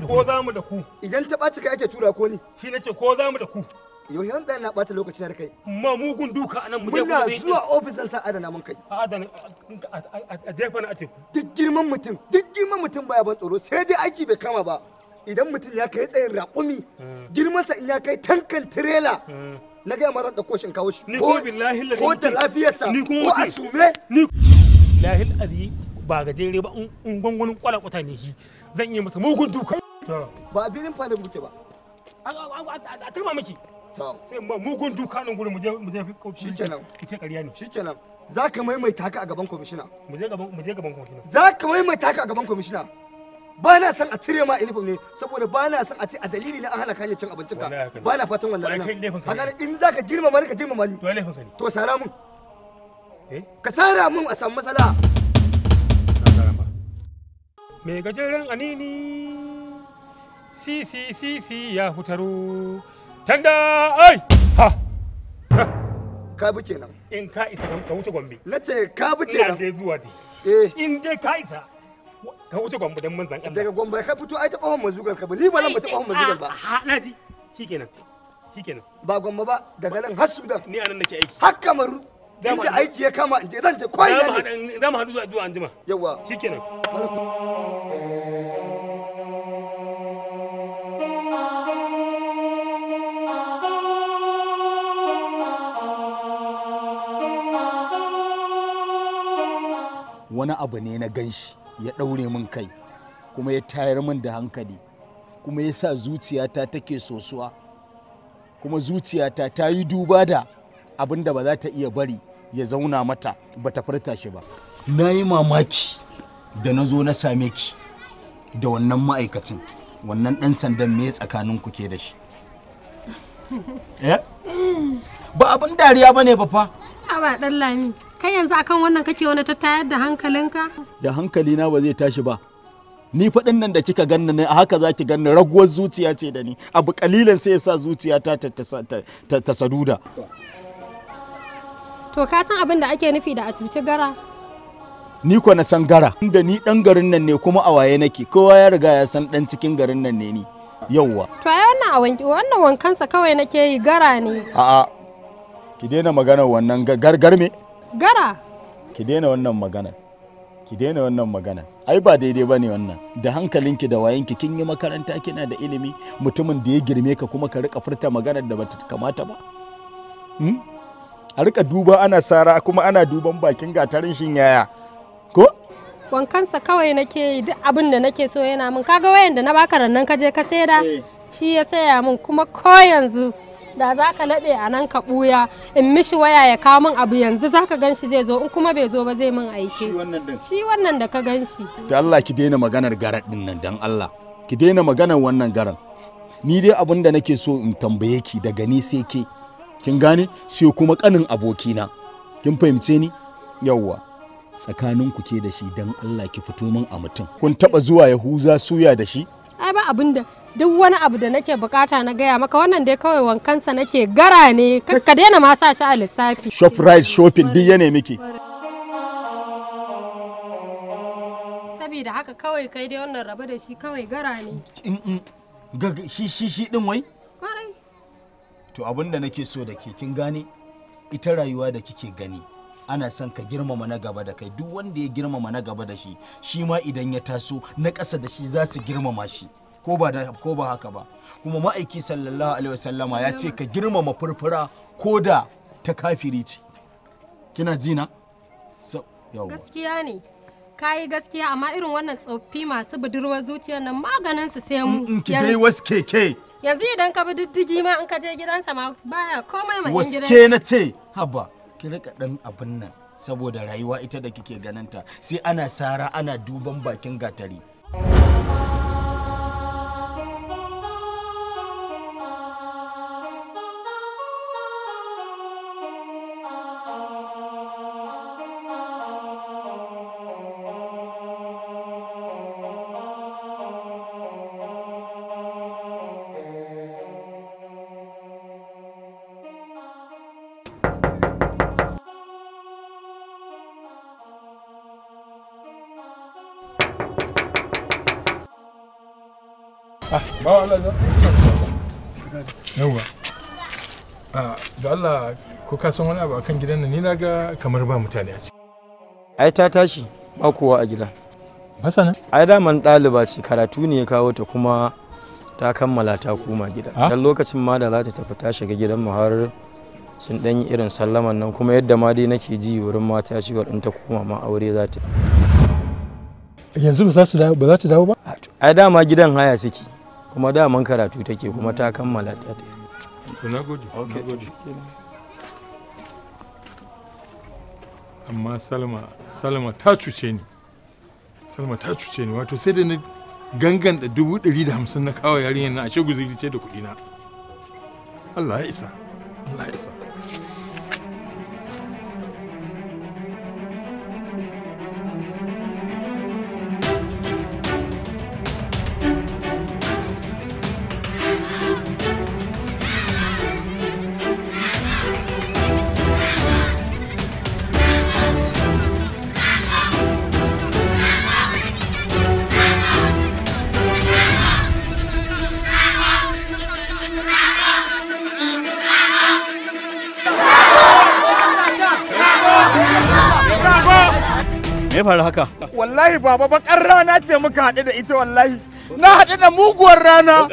ko za mu da ku idan ta ɓaci ka ake tura ko ni shi nace ko za mu da ku yau yan ɗan na bata lokacin da kai. Ma mugun duka anan mu je kuma zuwa ofis sa adana mun kai. A adana a jefa na a teku. Duk girman mutum duk girman mutum baya ban tsoro sai dai aiki bai kama ba. Idan mutum ya kai tsayin raƙumi sa in ya kai tankan tirela. Na gaya ma zan koshin shin kawo shi. Ni ko billahi Ko da lafiyarsa ko a sume. Ni lahil azi ba ga dare ba in gwangwanin kwalakwata ne shi zan iya masa mugun duka. Ba a filin fadin muke ba. A tuma miki. sai mugun duka nan gurin mu je shikenan ki ce ƙarya ne shikenan za ka maimaita haka a gaban komishina muje gaban mu gaban kwamishina za ka maimaita haka a gaban komishina ba na san a cire ma uniform ne saboda ba na san a ce a dalili na an hana kanya cin abincin ka ba na fatan wannan ranar a ganin in za ka girmama ni ka girmama ni to sara mun eh? ka sara mun a samu matsala mai gajeren anini si si si si ya hutaro Tanda ai! Ha! Ka bi kenan. In ka isa ka wuce Gombe. Na ce ka bi kenan. Ina zuwa dai. Eh. In dai ka isa ka wuce Gombe dan manzan Allah. Daga Gombe ka fito ai ta kawon mazugal ka ba. Ni ba lan ba ta kawon mazugal ba. Ha na ji. Shikenan. Shikenan. Ba Gombe ba daga nan har Sudan. Ni anan nake aiki. Har Kamaru. Inda aiki ya kama in je zan je kwai ne. Za mu haɗu zuwa anjima. yawa Shikenan. Malaku. wani abu ne na ganshi ya ɗaure min kai kuma ya tayar min da hankali kuma ya sa zuciyata take sosuwa kuma zuciyata ta yi duba da abin da ba za ta iya bari ya zauna mata ba ta furta shi ba na yi mamaki da na zo na same ki da wannan ma'aikacin wannan ɗan sandan me tsakanin ku ke da shi eh? ba abin dariya ba ne ba fa ba ɗan lami kai yanzu akan wannan kake wani ta tayar da hankalinka da hankalina ba zai tashi ba ni faɗin nan da kika ganna ne a haka za ki ganna raguwar zuciya ce da ni abu kalilan sai ya sa zuciya ta ta saduda to ka san abin da ake nufi da a cuci gara ni ko na san gara inda ni dan garin nan ne kuma a waye nake kowa ya riga ya san dan cikin garin nan ne ni yauwa to ai wannan a wanki wannan wankansa kawai nake yi gara ne a'a ki daina magana wannan gargar me Gara! Ki daina wannan maganar. Ki daina wannan magana Ai ba daidai ba wannan. Da hankalinki da wayanki kin yi makaranta kina da ilimi mutumin da ya girme ka kuma ka rika furta maganar da bata kamata ba. Hmm? A rika duba ana sara kuma ana duban bakin gatarin shin yaya. Ko? Wankansa kawai nake yi duk abin da nake so yana min kaga wayan da na baka rannan ka je ka saida. Eh. Shi ya saya min kuma ko yanzu da za ka laɓe a nan ka ɓuya in mishi waya ya kawo min abu yanzu za ka gan shi zai zo in kuma bai zo ba zai min aiki shi wannan da ka gan shi da Allah ki daina maganar garar din nan dan Allah ki daina maganar wannan garan ni dai abin da nake so in tambaye ki daga ni sai ke kin gane sai kuma kanin abokina kin fahimce ni yawwa tsakaninku ke da shi dan Allah ki fito min a mutum kun taba zuwa yahuza suya da shi ai ba abin duk wani abu da nake bukata na gaya maka wannan dai kawai wankansa nake gara ne ka daina ma shi a lissafi shoprite shopping duk yane miki saboda haka kawai kai dai wannan rabu da shi kawai gara ne shi shi shi din wai to abin da nake so da ke kin gane ita rayuwa da kike gani ana son ka girmama na gaba da kai duk wanda ya girmama na gaba da shi shi ma idan ya taso na ƙasa da shi za su girmama shi ko ba ko ba haka ba kuma ma'aiki sallallahu alaihi wasallama ya ce ka girmama furfura ko da ta kafiri ce kina ji na gaskiya ne kayi gaskiya amma irin wannan tsoffi masu budurwar zuciyar nan maganin su sai mu in mm, mm, ki dai waskeke yanzu idan ka bi diddigi ma in ka je gidansa ma baya komai mai gidan waske na ce haba ki rika dan abin nan saboda rayuwa ita da kike ganin ta sai ana sara ana duban bakin gatari ba Allah da yawa a da Allah ko ka san wani abu akan gidan nan ni na ga kamar ba mutane a ciki ai ta tashi ba kowa a gida masana ai daman ɗaliba ce karatu ne ya kawo ta kuma ta kammala ta koma gida ah? dan lokacin ma da za ta tafi ta shiga gidan mu har sun dan yi irin sallaman nan kuma yadda ma dai nake ji wurin mata cewa in ta koma ma aure za ta yanzu ba za su dawo ba za ta dawo ba ai dama gidan haya suke kuma daman karatu take kuma ta kammala ta ta amma salma salma ta cuce ni salma ta cuce ni wato sai da ni gangan da dubu ɗari da hamsin na kawo yarinyar na ashe guziri ce da kuɗi na allah ya isa allah ya isa wallahi baba bakar rana ce muka haɗu da ita wallahi na haɗu da muguwar rana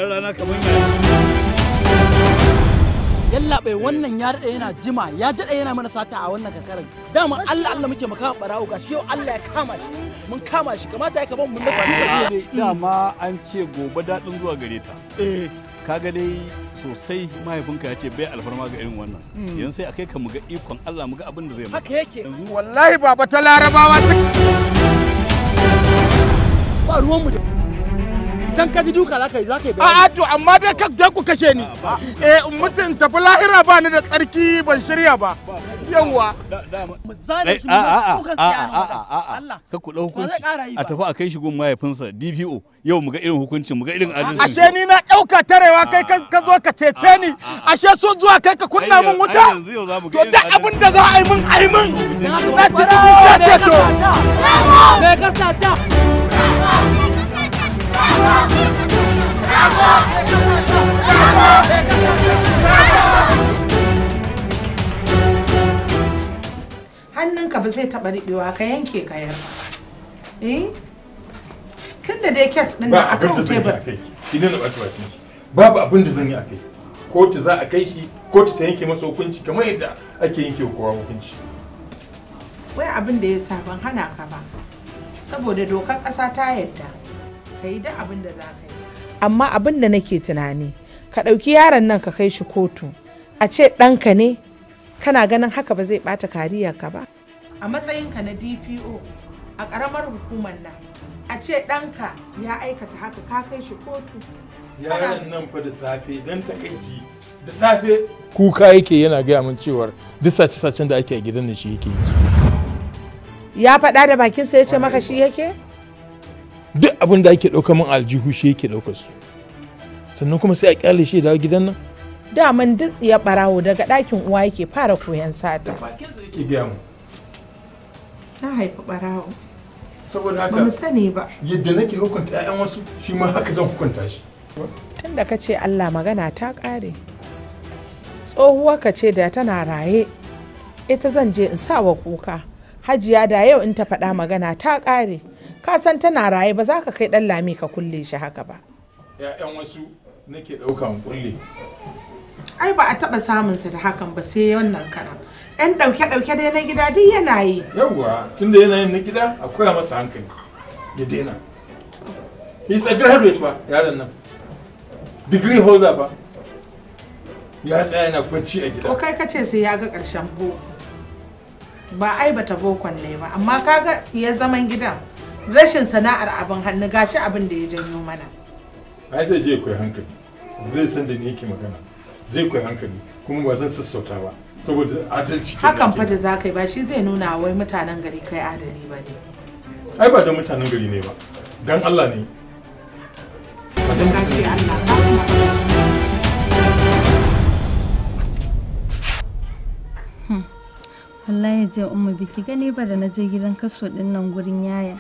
yalla bai wannan ya daɗa yana jima ya daɗa yana mana sata a wannan karkarar dama allah allah muke makama barawo shi yau allah ya kama shi mun kama shi kamata ya kaban mun da sami dama an ce gobe daɗin zuwa gare ta eh. kaga dai sosai mahaifinka ya ce bai alfarma ga irin wannan mm. yanzu sai akai kai ka muga ikon Allah mu ga abin da zai maka haka yake wallahi baba ta larabawa ba ruwan da dan ka ji duka zaka yi zaka yi a'a to amma dai ka dan ku kashe ni eh mutun tafi lahira ba ni da tsarki ban shirya ba yawa mu zane shi mu kuka Allah ka ku dau hukunci a tafi a kai shi gun mahaifinsa DPO yau mu ga irin hukuncin mu ga irin adalci ashe ni na ɗauka tarewa kai ka zo ka cece ni ashe sun zuwa kai ka kunna min wuta to da abin da za a yi min a yi min na ci dubu sace to me ka sata hannunka ba zai taɓa riɓewa ka yanke ka yar eh tun da dai kes ɗin na akan tebur idan na ɓata baki babu abin da zan yi a kai kotu za a kai shi kotu ta yanke masa hukunci kamar yadda ake yanke kowa hukunci wai abin da ya sa ban hana ka ba saboda dokar ƙasa ta yadda ka yi da abin da za ka yi amma abin da nake tunani ka ɗauki yaron nan ka kai shi kotu a ce ɗanka ne kana ganin haka ba zai ɓata kariya ka ba a matsayinka na dpo a ƙaramar hukumar nan a ce ɗanka ya aikata haka ka kai shi kotu yaron nan fa da safe don takaici da safe kuka yake yana gaya min cewar duk sace-sacen da ake a gidan da shi yake yi ya faɗa da bakinsa ya ce maka shi yake duk abin da ake ɗauka min aljihu shi yake ɗauka su sannan kuma sai a kyale shi da gidan nan daman dutse ya barawo daga ɗakin uwa yake fara koyan sata da bakinsa yake gaya mu haifi barawo saboda haka ba sani ba yadda nake hukunta ƴaƴan wasu shi ma haka zan hukunta shi tun da ka ce allah magana ta ƙare tsohuwa ka ce da tana raye ita zan je in sawa kuka hajiya da yau in ta faɗa magana ta ƙare ka san tana raye ba za ka kai ɗan lami ka kulle shi haka ba ‘ya'yan wasu nake ɗaukan kulle ai ba a taɓa samun sa da hakan ba sai wannan kara ɗan ɗauke-ɗauke dai na gida duk yana yi yawwa da yana yin na gida a koya masa hankali ya daina he's a graduate ba yaron nan degree holder ba ya tsaya yana kwanci a gida ko kai kace sai ya ga ƙarshen boko ba ai bata bokon ne ba amma kaga tsiye zaman gidan rashin sana'ar abin hannu gashi abin da ya janyo mana ai zai je kai hankali zai san da ni yake magana zai kai hankali kuma ba zan sassauta ba saboda adalci hakan fa da zakai ba shi zai nuna wai mutanen gari kai adali ba ne ai ba da mutanen gari ne ba dan Allah ne ba dan mutanen ya je umma biki gani ba da na je gidan kaso din nan gurin yaya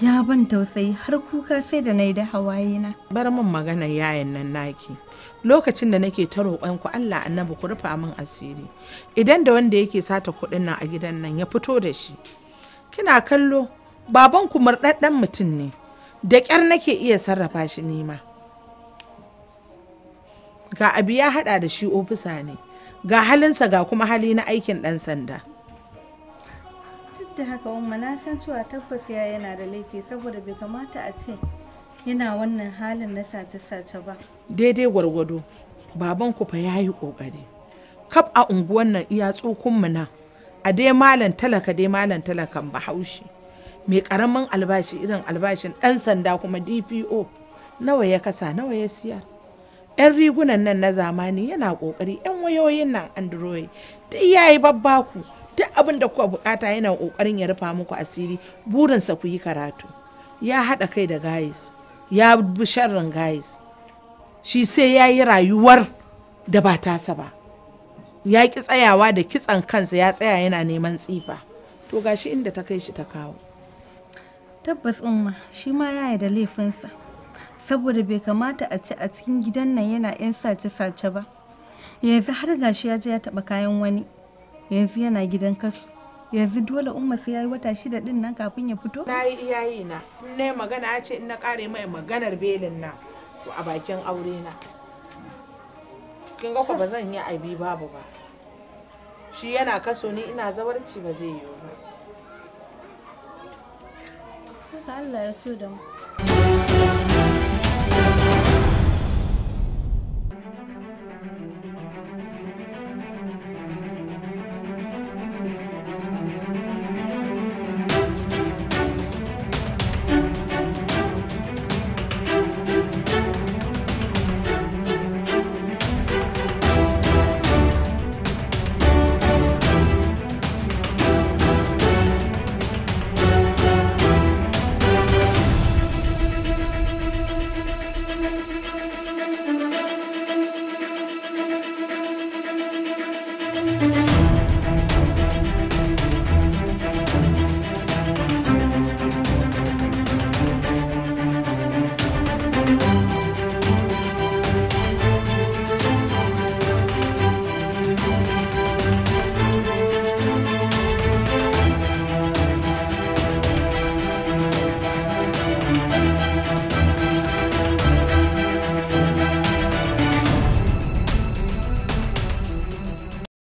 ya ban tausayi har kuka sai da na yi da hawaye na bar min magana yayan nan naki lokacin da nake ta roƙon ku Allah annabi ku rufa min asiri idan da wanda yake sata kuɗin nan a gidan nan ya fito da shi kina kallo baban ku murɗaɗɗen mutum ne da ƙyar nake iya sarrafa shi nima ga abu ya haɗa da shi ofisa ne ga halinsa ga kuma hali na aikin ɗan sanda duk da haka umma na san cewa tabbas ya yana da laifi saboda bai kamata a ce yana wannan halin na sace-sace ba daidai gwargwado baban ku ya yayi kokari kaf a unguwan nan iya tsokunmu na a dai malam talaka dai malam talakan bahaushe mai karamin albashi irin albashin ɗan sanda kuma dpo nawa ya kasa nawa ya siyar 'yan rigunan nan na zamani yana kokari 'yan wayoyin nan android duk ya yi babbaku duk abin da kuka bukata yana kokarin ya rufa muku asiri burinsa ku yi karatu ya haɗa kai da guys ya bi sharrin guys shi sai ya yi rayuwar da ba tasa ba ya ki tsayawa da kitsan kansa ya tsaya yana neman tsifa to gashi inda ta kai shi ta kawo tabbas umma shi ma ya da laifinsa saboda bai kamata a ci a cikin gidan nan yana 'yan sace-sace ba yanzu har gashi ya je ya taba kayan wani yanzu yana gidan kasu yanzu dole umma sai yayi wata shida din nan kafin ya fito na yi iyayi na ne magana ya ce in na kare mai maganar belin na a bakin aure na kin ga ba zan yi abi babu ba shi yana kaso ni ina zawarci ba zai yi ba Allah ya so da mu